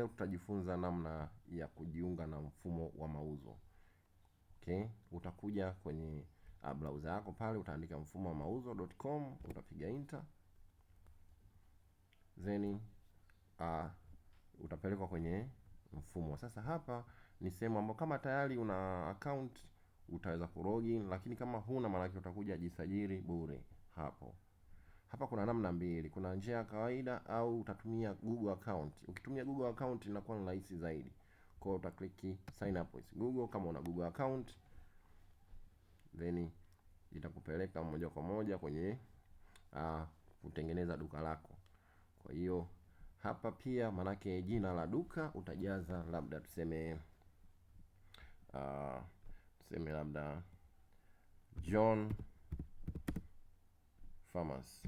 leo tutajifunza namna ya kujiunga na mfumo wa mauzo. Okay? Utakuja kwenye uh, browser yako pale utaandika mfumo wa mauzo.com, utapiga enter. Then uh, utapelekwa kwenye mfumo. Sasa hapa ni sehemu ambayo kama tayari una account utaweza kulogin, lakini kama huna maanake utakuja jisajili bure hapo. Hapa kuna namna mbili, kuna njia ya kawaida au utatumia Google account. Ukitumia Google account inakuwa ni rahisi zaidi, kwa hiyo utakliki sign up with Google kama una Google account, then itakupeleka moja kwa moja kwenye uh, kutengeneza duka lako. Kwa hiyo hapa pia manake jina la duka utajaza, labda tuseme uh, tuseme labda John Farmers.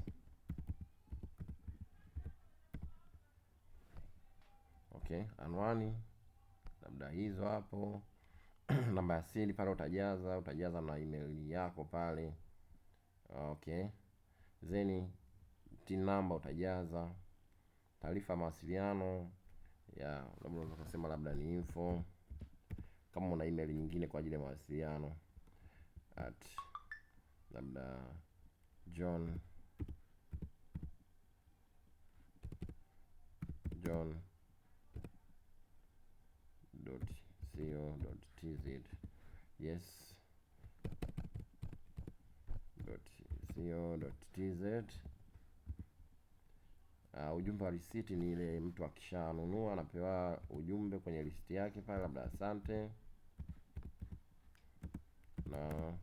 yake anwani labda hizo hapo namba ya siri pale utajaza, utajaza na email yako pale okay, then TIN number utajaza, taarifa ya mawasiliano ya labda unaweza labda ni info, kama una email nyingine kwa ajili ya mawasiliano at labda John John .co.tz. Yes .co.tz. Uh, ah, ujumbe wa risiti ni ile mtu akishanunua anapewa ujumbe kwenye listi yake pale, labda asante na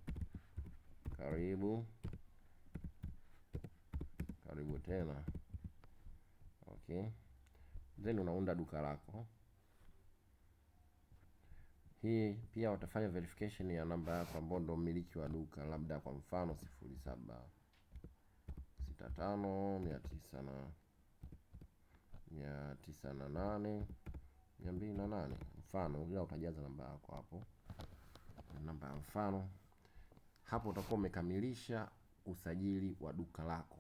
karibu karibu tena. Okay, then unaunda duka lako. Hii pia watafanya verification ya namba yako ambayo ndio mmiliki wa duka, labda kwa mfano sifuri saba sita tano mia tisa na mia tisa na nane mia mbili na nane mfano, ila utajaza namba yako hapo, namba ya mfano hapo. Utakuwa umekamilisha usajili wa duka lako,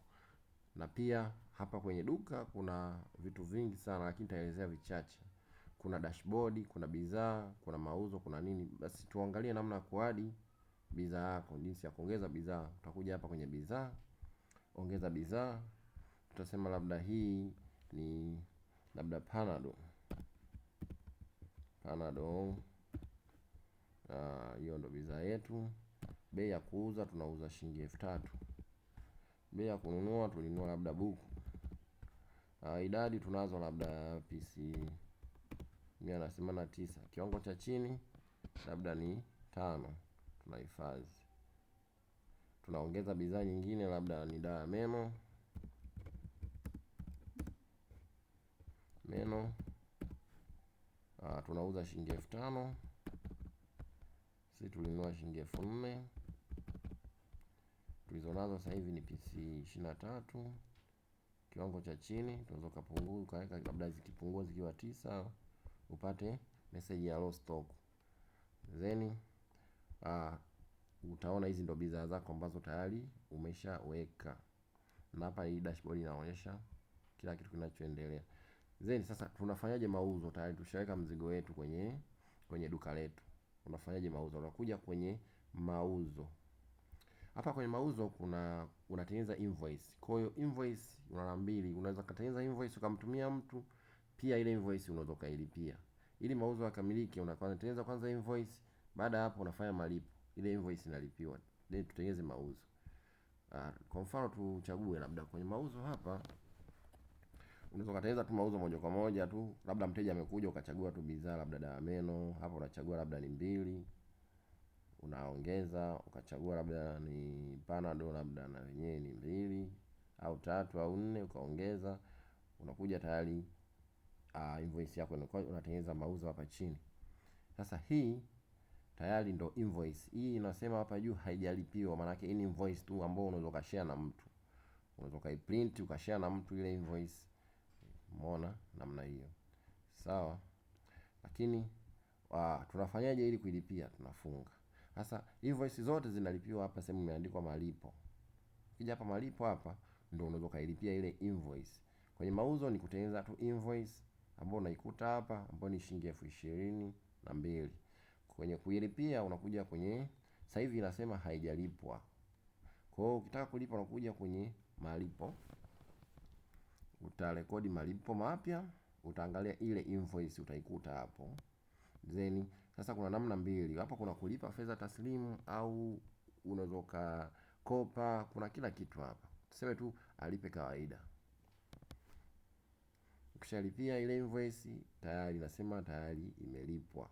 na pia hapa kwenye duka kuna vitu vingi sana, lakini nitaelezea vichache kuna dashboard, kuna bidhaa, kuna mauzo, kuna nini. Basi tuangalie namna ya kuadi bidhaa yako, jinsi ya kuongeza bidhaa. Utakuja hapa kwenye bidhaa, ongeza bidhaa. Tutasema labda hii ni labda panado, panado. Ah, hiyo ndo bidhaa yetu. Bei ya kuuza tunauza shilingi elfu tatu. Bei ya kununua tulinunua labda buku. Uh, idadi tunazo labda PC mia na na tisa. Kiwango cha chini labda ni tano, tunahifadhi. Tunaongeza bidhaa nyingine, labda ni dawa ya meno meno. Aa, ah, tunauza shilingi elfu tano si tulinunua shilingi elfu nne tulizonazo sasa hivi ni PC ishirini na tatu. Kiwango cha chini tunaweza ukapunguza ukaweka labda zikipungua zikiwa tisa upate message ya low stock. Then uh, utaona hizi ndo bidhaa zako ambazo tayari umeshaweka, na hapa hii dashboard inaonyesha kila kitu kinachoendelea. Then sasa tunafanyaje mauzo? Tayari tushaweka mzigo wetu kwenye kwenye duka letu, unafanyaje mauzo? Unakuja kwenye mauzo hapa kwenye mauzo kuna unatengeneza invoice. Kwa hiyo invoice una mbili, unaweza kutengeneza invoice ukamtumia mtu pia ile invoice unaweza ilipia. Ili mauzo yakamilike, tengeneza kwanza invoice, baada ya hapo unafanya malipo. Ile invoice inalipiwa. Then tutengeneze mauzo. Ah, kwa mfano tuchague labda kwenye mauzo hapa unaweza kutengeneza tu mauzo moja kwa moja tu, labda mteja amekuja ukachagua tu bidhaa labda dawa meno, hapo unachagua labda ni mbili, unaongeza ukachagua labda ni panado labda na wenyewe ni mbili au tatu au nne, ukaongeza unakuja tayari uh, invoice yako inakuwa unatengeneza mauzo hapa chini. Sasa hii tayari ndo invoice. Hii inasema hapa juu haijalipiwa, maana yake ni invoice tu ambayo unaweza kushare na mtu. Unaweza kuiprint ukashare na mtu ile invoice. Umeona namna hiyo. Sawa? Lakini uh, tunafanyaje ili kuilipia? Tunafunga. Sasa invoice zote zinalipiwa hapa sehemu imeandikwa malipo. Ukija hapa malipo hapa ndio unaweza kailipia ile invoice. Kwenye mauzo ni kutengeneza tu invoice ambao unaikuta hapa ambao ni shilingi elfu ishirini na mbili. Kwenye kuilipia unakuja kwenye sasa hivi inasema haijalipwa. Kwa hiyo ukitaka kulipa unakuja kwenye malipo. Utarekodi malipo mapya, utaangalia ile invoice utaikuta hapo. Then sasa kuna namna mbili. Hapa kuna kulipa fedha taslimu au unaweza ukakopa, kuna kila kitu hapa. Tuseme tu alipe kawaida. Ukishalipia ile invoice tayari nasema tayari imelipwa.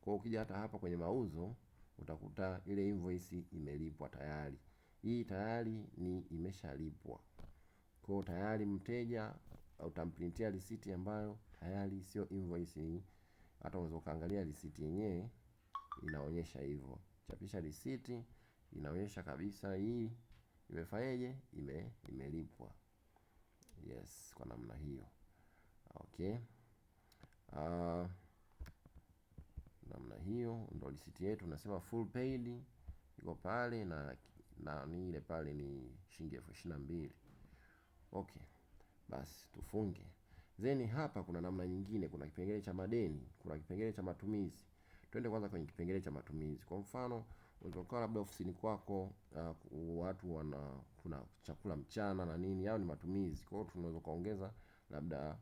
Kwa ukija hata hapa kwenye mauzo utakuta ile invoice imelipwa tayari. Hii tayari ni imeshalipwa. Kwa tayari mteja utamprintia receipt ambayo tayari sio invoice hii. Hata unaweza ukaangalia receipt yenyewe inaonyesha hivyo. Chapisha receipt inaonyesha kabisa hii imefanyeje ime imelipwa. Yes, kwa namna hiyo okay. Uh, namna hiyo ndo lisiti yetu, nasema full paid iko pale na na ni ile pale ni shilingi elfu ishirini na mbili okay. Basi tufunge. Then hapa kuna namna nyingine, kuna kipengele cha madeni, kuna kipengele cha matumizi. Twende kwanza kwenye kipengele cha matumizi. Kwa mfano, ulipokaa labda ofisini kwako, uh, watu wana kuna chakula mchana na nini, yao ni matumizi. Kwa hiyo tunaweza kuongeza labda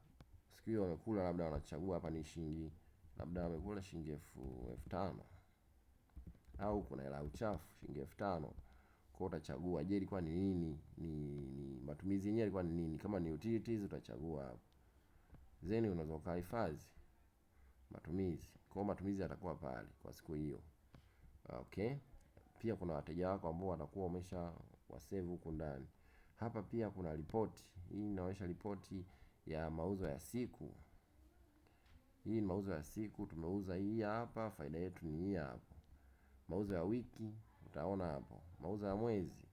siku hiyo wamekula labda wanachagua hapa ni shilingi labda wamekula shilingi elfu elfu tano au kuna hela uchafu shilingi elfu tano kwa utachagua je ilikuwa ni nini ni, ni matumizi yenyewe ilikuwa ni nini kama ni utilities utachagua hapo zeni unaweza ukahifadhi matumizi kwa matumizi yatakuwa pale kwa siku hiyo okay pia kuna wateja wako ambao watakuwa wamesha wasave huku ndani hapa pia kuna ripoti hii inaonyesha ripoti ya mauzo ya siku. Hii ni mauzo ya siku, tumeuza hii hapa, faida yetu ni hii hapo. Mauzo ya wiki utaona hapo, mauzo ya mwezi.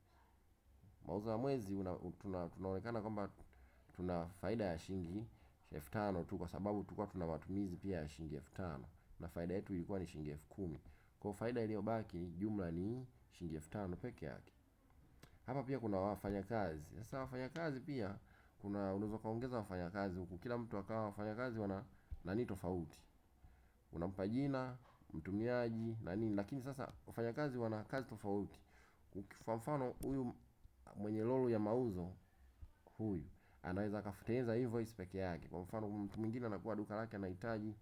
Mauzo ya mwezi una, tuna, tunaonekana kwamba tuna faida ya shilingi elfu tano tu, kwa sababu tulikuwa tuna matumizi pia ya shilingi elfu tano na faida yetu ilikuwa ni shilingi elfu kumi kwa faida iliyobaki jumla ni shilingi elfu tano peke yake. Hapa pia kuna wafanyakazi. Sasa wafanyakazi pia kuna unaweza kaongeza wafanyakazi huku, kila mtu akawa wafanyakazi wana nani tofauti, unampa jina mtumiaji na nini, lakini sasa wafanyakazi wana kazi tofauti. Kwa mfano huyu mwenye lolo ya mauzo huyu anaweza akafutengeneza invoice peke yake. Kwa mfano mtu mwingine anakuwa duka lake anahitaji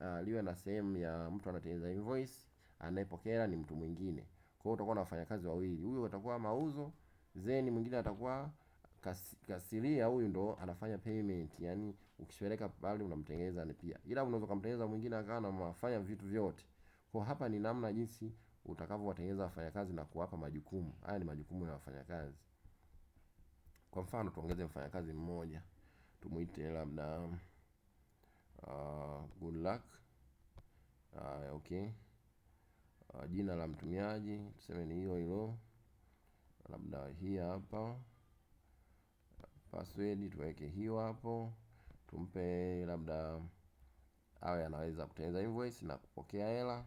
uh, liwe na sehemu ya mtu anatengeneza invoice, anayepokea ni mtu mwingine. Kwa hiyo utakuwa na wafanyakazi wawili, huyu atakuwa mauzo zeni, mwingine atakuwa kas, kasiria huyu ndo anafanya payment, yani ukishapeleka pale unamtengeneza ni pia, ila unaweza kumtengeneza mwingine akawa anafanya vitu vyote. Kwa hapa ni namna jinsi utakavyowatengeneza wafanyakazi na kuwapa majukumu. Haya ni majukumu ya wafanyakazi. Kwa mfano tuongeze mfanyakazi mmoja tumuite labda uh, good luck uh, okay uh, jina la mtumiaji tuseme ni hilo hilo, labda hii hapa password tuweke hiyo hapo, tumpe labda awe anaweza kutengeneza invoice na kupokea hela,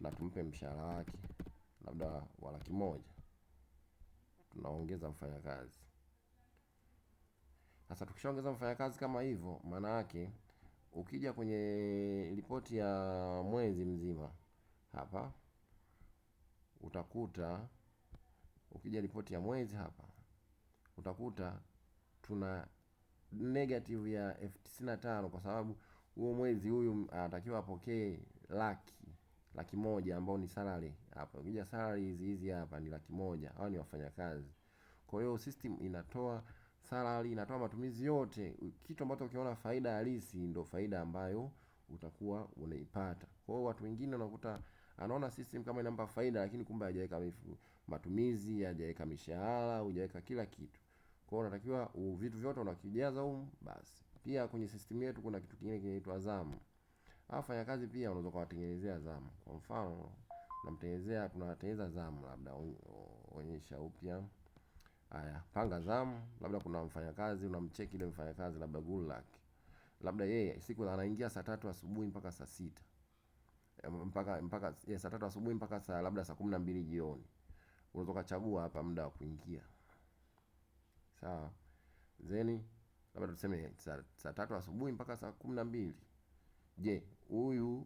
na tumpe mshahara wake labda wa laki moja. Tunaongeza mfanyakazi sasa. Tukishaongeza mfanyakazi kama hivyo, maana yake ukija kwenye ripoti ya mwezi mzima hapa utakuta, ukija ripoti ya mwezi hapa utakuta tuna negative ya elfu tisini na tano kwa sababu huo mwezi huyu uh, anatakiwa apokee laki laki moja ambao ni salary hapa. Ukija salary hizi hizi hapa ni laki moja. Hao ni wafanyakazi. Kwa hiyo system inatoa salary, inatoa matumizi yote. Kitu ambacho ukiona faida halisi ndio faida ambayo utakuwa unaipata. Kwa hiyo watu wengine unakuta anaona system kama inampa faida, lakini kumbe hajaweka matumizi, hajaweka mishahara, hujaweka kila kitu. Kwa unatakiwa vitu vyote unakijaza huko basi. Pia kwenye system yetu kuna kitu kingine kinaitwa zamu. kazi pia unaweza kuwatengenezea zamu. Kwa mfano, tunamtengenezea tunawatengeneza zamu labda onyesha upya. Haya, panga zamu, labda kuna mfanyakazi unamcheki ile mfanyakazi labda good luck. Labda yeye siku anaingia saa tatu asubuhi mpaka saa sita eh, mpaka mpaka eh, saa tatu asubuhi mpaka saa labda saa kumi na mbili jioni. Unaweza kuchagua hapa muda wa kuingia sawa then labda tuseme saa, tatu asubuhi mpaka saa kumi na mbili je huyu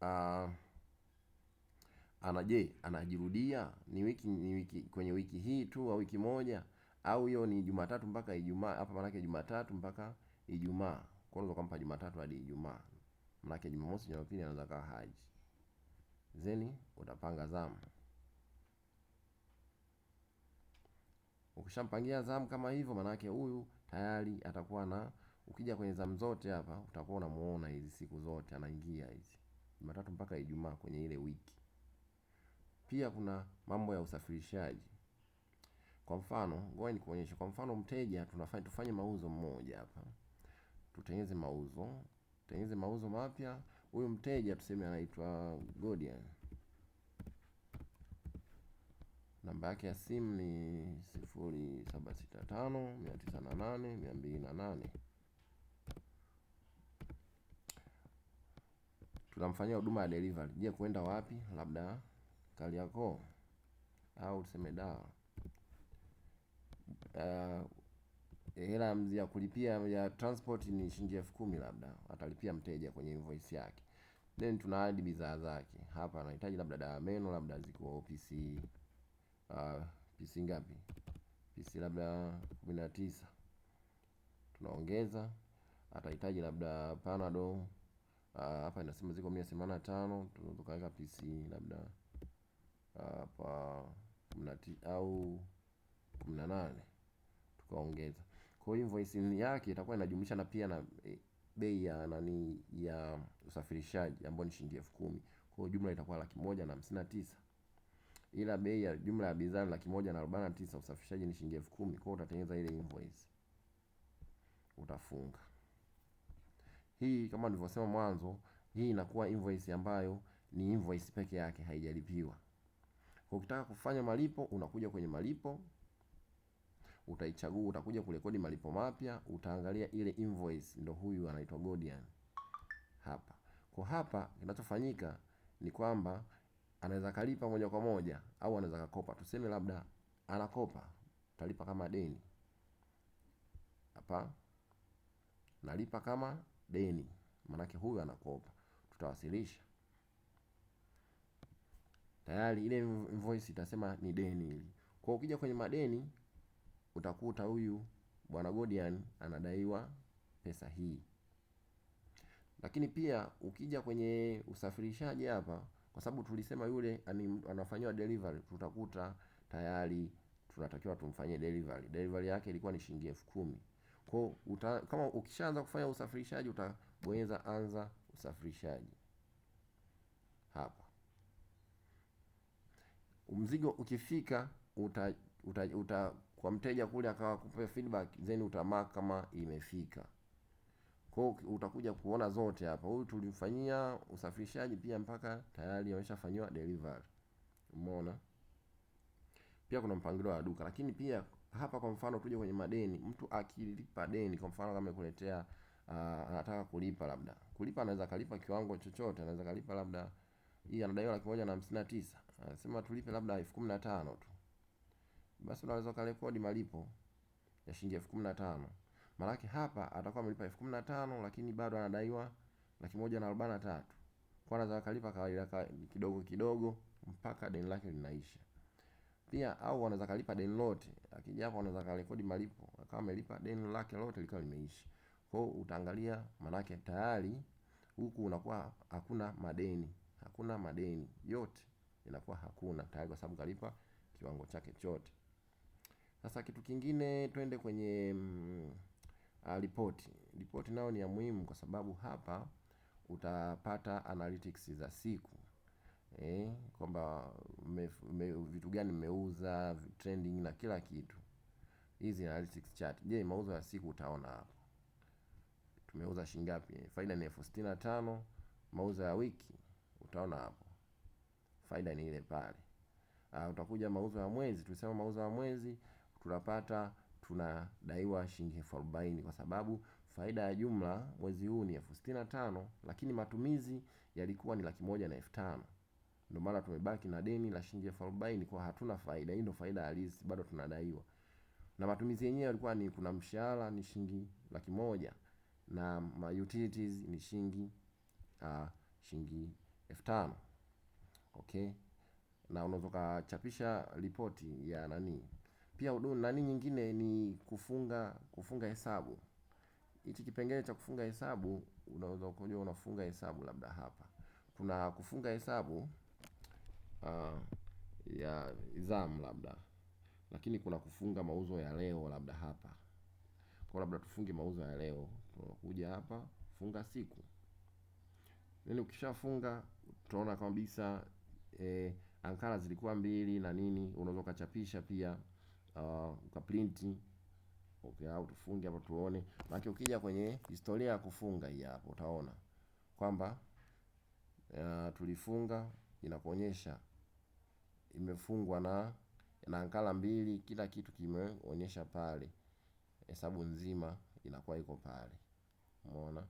uh, ana je anajirudia ni wiki ni wiki kwenye wiki hii tu au wiki moja au hiyo ni jumatatu mpaka ijumaa hapa maanake jumatatu mpaka ijumaa kwao kwampa jumatatu hadi ijumaa maanake jumamosi jumapili anaweza kaa haji zeni utapanga zamu Ukishampangia zamu kama hivyo, manake huyu tayari atakuwa na, ukija kwenye zamu zote hapa utakuwa unamuona hizi siku zote anaingia hizi Jumatatu mpaka Ijumaa kwenye ile wiki. Pia kuna mambo ya usafirishaji. Kwa mfano, ngoja nikuonyeshe. Kwa mfano, mteja tunafanya tufanye mauzo mmoja hapa, tutengeze mauzo, tutengeze mauzo mapya. Huyu mteja tuseme anaitwa Godian Namba yake ya simu ni sifuri saba sita tano mia tisa na nane mia mbili na nane. Tunamfanyia huduma ya delivery. Je, kwenda wapi? Labda Kariakoo au tuseme Dar. Eh, hela ya kulipia ya transport ni shilingi elfu kumi labda atalipia mteja kwenye invoice yake, then tuna add bidhaa zake hapa anahitaji labda dawa meno labda ziko ofisi Ah, PC ngapi? PC labda kumi na tisa. Tunaongeza atahitaji labda panado ah, hapa uh, inasema ziko mia themanini na tano tukaweka PC labda hapa au kumi na nane tukaongeza. Kwa hiyo invoice yake itakuwa inajumlisha na pia na e, bei ya nani ya usafirishaji ambayo ni shilingi elfu kumi. Kwa hiyo jumla itakuwa laki moja na hamsini na tisa ila bei ya jumla ya bidhaa laki moja na arobaini na tisa usafishaji ni shilingi elfu kumi kwa utatengeneza ile invoice utafunga hii kama nilivyosema mwanzo hii inakuwa invoice ambayo ni invoice peke yake haijalipiwa kwa ukitaka kufanya malipo unakuja kwenye malipo utaichagua utakuja kurekodi malipo mapya utaangalia ile invoice ndo huyu anaitwa Godian hapa kwa hapa kinachofanyika ni kwamba anaweza kalipa moja kwa moja au anaweza kakopa. Tuseme labda anakopa, talipa kama deni hapa, nalipa kama deni, maanake huyu anakopa. Tutawasilisha tayari, ile invoice itasema ni deni hili. Kwa ukija kwenye madeni utakuta huyu bwana Godian anadaiwa pesa hii, lakini pia ukija kwenye usafirishaji hapa kwa sababu tulisema yule anafanyiwa delivery, tutakuta tayari tunatakiwa tumfanyie delivery. Delivery yake ilikuwa ni shilingi elfu kumi. Kwa uta, kama ukishaanza kufanya usafirishaji utabonyeza anza usafirishaji hapa. Mzigo ukifika uta, uta, uta kwa mteja kule akawa kupe feedback then utamark kama imefika. Kwa utakuja kuona zote hapa. Huyu tulimfanyia usafirishaji pia mpaka tayari ameshafanywa delivery. Umeona? Pia kuna mpangilio wa duka, lakini pia hapa kwa mfano tuje kwenye madeni. Mtu akilipa deni kwa mfano kama amekuletea ah, anataka kulipa labda. Kulipa anaweza kalipa kiwango chochote, anaweza kalipa labda hii anadaiwa laki moja na hamsini na tisa. Anasema tulipe labda elfu kumi na tano tu. Basi unaweza kurekodi malipo ya shilingi elfu kumi na tano. Maanake hapa atakuwa amelipa elfu kumi na tano lakini bado anadaiwa laki moja na arobaini na tatu. Kwa anaweza akalipa kawaida kidogo kidogo mpaka deni lake linaisha. Pia au anaweza kalipa deni lote. lakini hapo anaweza kalekodi malipo. Akawa amelipa deni lake lote likawa limeisha. Kwa hiyo utaangalia maanake tayari huku unakuwa hakuna madeni. Hakuna madeni yote inakuwa hakuna tayari kwa sababu kalipa kiwango chake chote. Sasa kitu kingine twende kwenye mm, Ah, ripoti. Ripoti nayo ni ya muhimu kwa sababu hapa utapata analytics za siku eh, kwamba vitu gani mmeuza, trending na kila kitu. Hizi analytics chart. Je, mauzo ya siku utaona hapo. Tumeuza shilingi ngapi? Faida ni elfu sitini na tano. Mauzo ya wiki utaona hapo. Faida ni ile pale. Ah, utakuja mauzo ya mwezi. Tulisema mauzo ya mwezi tunapata tunadaiwa shilingi elfu arobaini kwa sababu faida ya jumla mwezi huu ni elfu sitini na tano lakini matumizi yalikuwa ni laki moja na elfu tano ndio maana tumebaki na deni la shilingi elfu arobaini kwa hatuna faida. Hii ndio faida halisi, bado tunadaiwa. Na matumizi yenyewe yalikuwa ni kuna mshahara ni shilingi laki moja na ma utilities ni shilingi uh, shilingi elfu tano okay. Na unaweza ukachapisha ripoti ya nani pia udun nani nyingine ni kufunga kufunga hesabu. Hichi kipengele cha kufunga hesabu unaweza kujua unafunga hesabu labda hapa. Kuna kufunga hesabu uh, ya izam labda. Lakini kuna kufunga mauzo ya leo labda hapa. Kwa labda tufunge mauzo ya leo. Tunakuja hapa funga siku. Yaani ukishafunga utaona kabisa eh, ankara zilikuwa mbili na nini unaweza ukachapisha pia uh, ukaprinti okay, au tufunge hapo tuone. Maana ukija kwenye historia ya kufunga hii hapo utaona kwamba uh, tulifunga inakuonyesha imefungwa na na nakala mbili, kila kitu kimeonyesha pale, hesabu nzima inakuwa iko pale. Umeona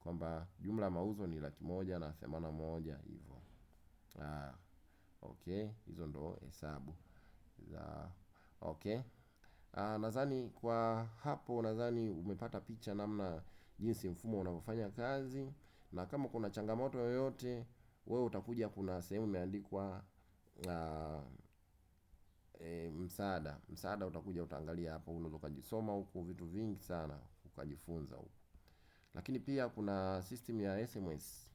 kwamba jumla ya mauzo ni laki moja na themanini moja hivyo. Ah, okay, hizo ndo hesabu za Okay. Ah, nadhani kwa hapo nadhani umepata picha namna jinsi mfumo unavyofanya kazi, na kama kuna changamoto yoyote wewe utakuja, kuna sehemu imeandikwa uh, e, msaada. Msaada utakuja utaangalia hapo, unaweza ukajisoma huku vitu vingi sana ukajifunza huku. Lakini pia kuna system ya SMS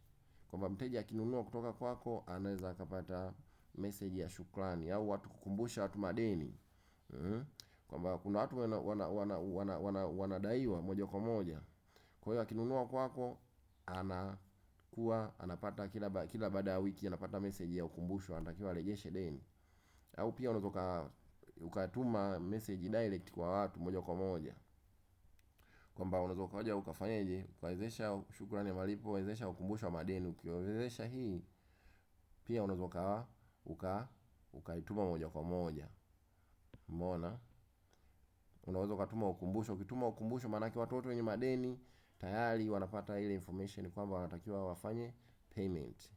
kwamba mteja akinunua kutoka kwako anaweza akapata message ya shukrani au watu kukumbusha watu madeni mm, kwamba kuna watu wanadaiwa wana, wana, wana, wana, wana moja kwa moja. Kwa hiyo akinunua kwako anakuwa anapata kila ba, kila baada ya wiki anapata message ya ukumbusho, anatakiwa arejeshe deni. Au pia unaweza ukatuma message direct kwa watu moja kwa moja kwamba unaweza ukaja ukafanyaje, ukawezesha shukrani ya malipo, wezesha ukumbusho wa madeni. Ukiwezesha hii pia unaweza ukawa uka ukaituma moja kwa moja. Umeona? Unaweza ukatuma ukumbusho. Ukituma ukumbusho, maanake watoto wenye madeni tayari wanapata ile information kwamba wanatakiwa wafanye payment.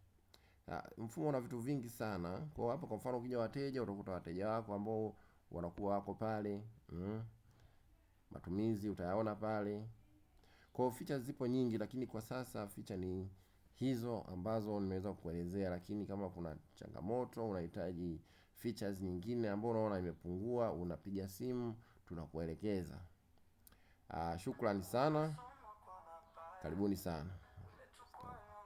Ha, ah, mfumo una vitu vingi sana. Kwa hapa kwa mfano ukija wateja utakuta wateja wako ambao wanakuwa wako pale. Mm. Matumizi utayaona pale. Kwa feature zipo nyingi, lakini kwa sasa feature ni hizo ambazo nimeweza kuelezea, lakini kama kuna changamoto unahitaji features nyingine ambayo unaona imepungua, unapiga simu tunakuelekeza. Ah, shukrani sana, karibuni sana.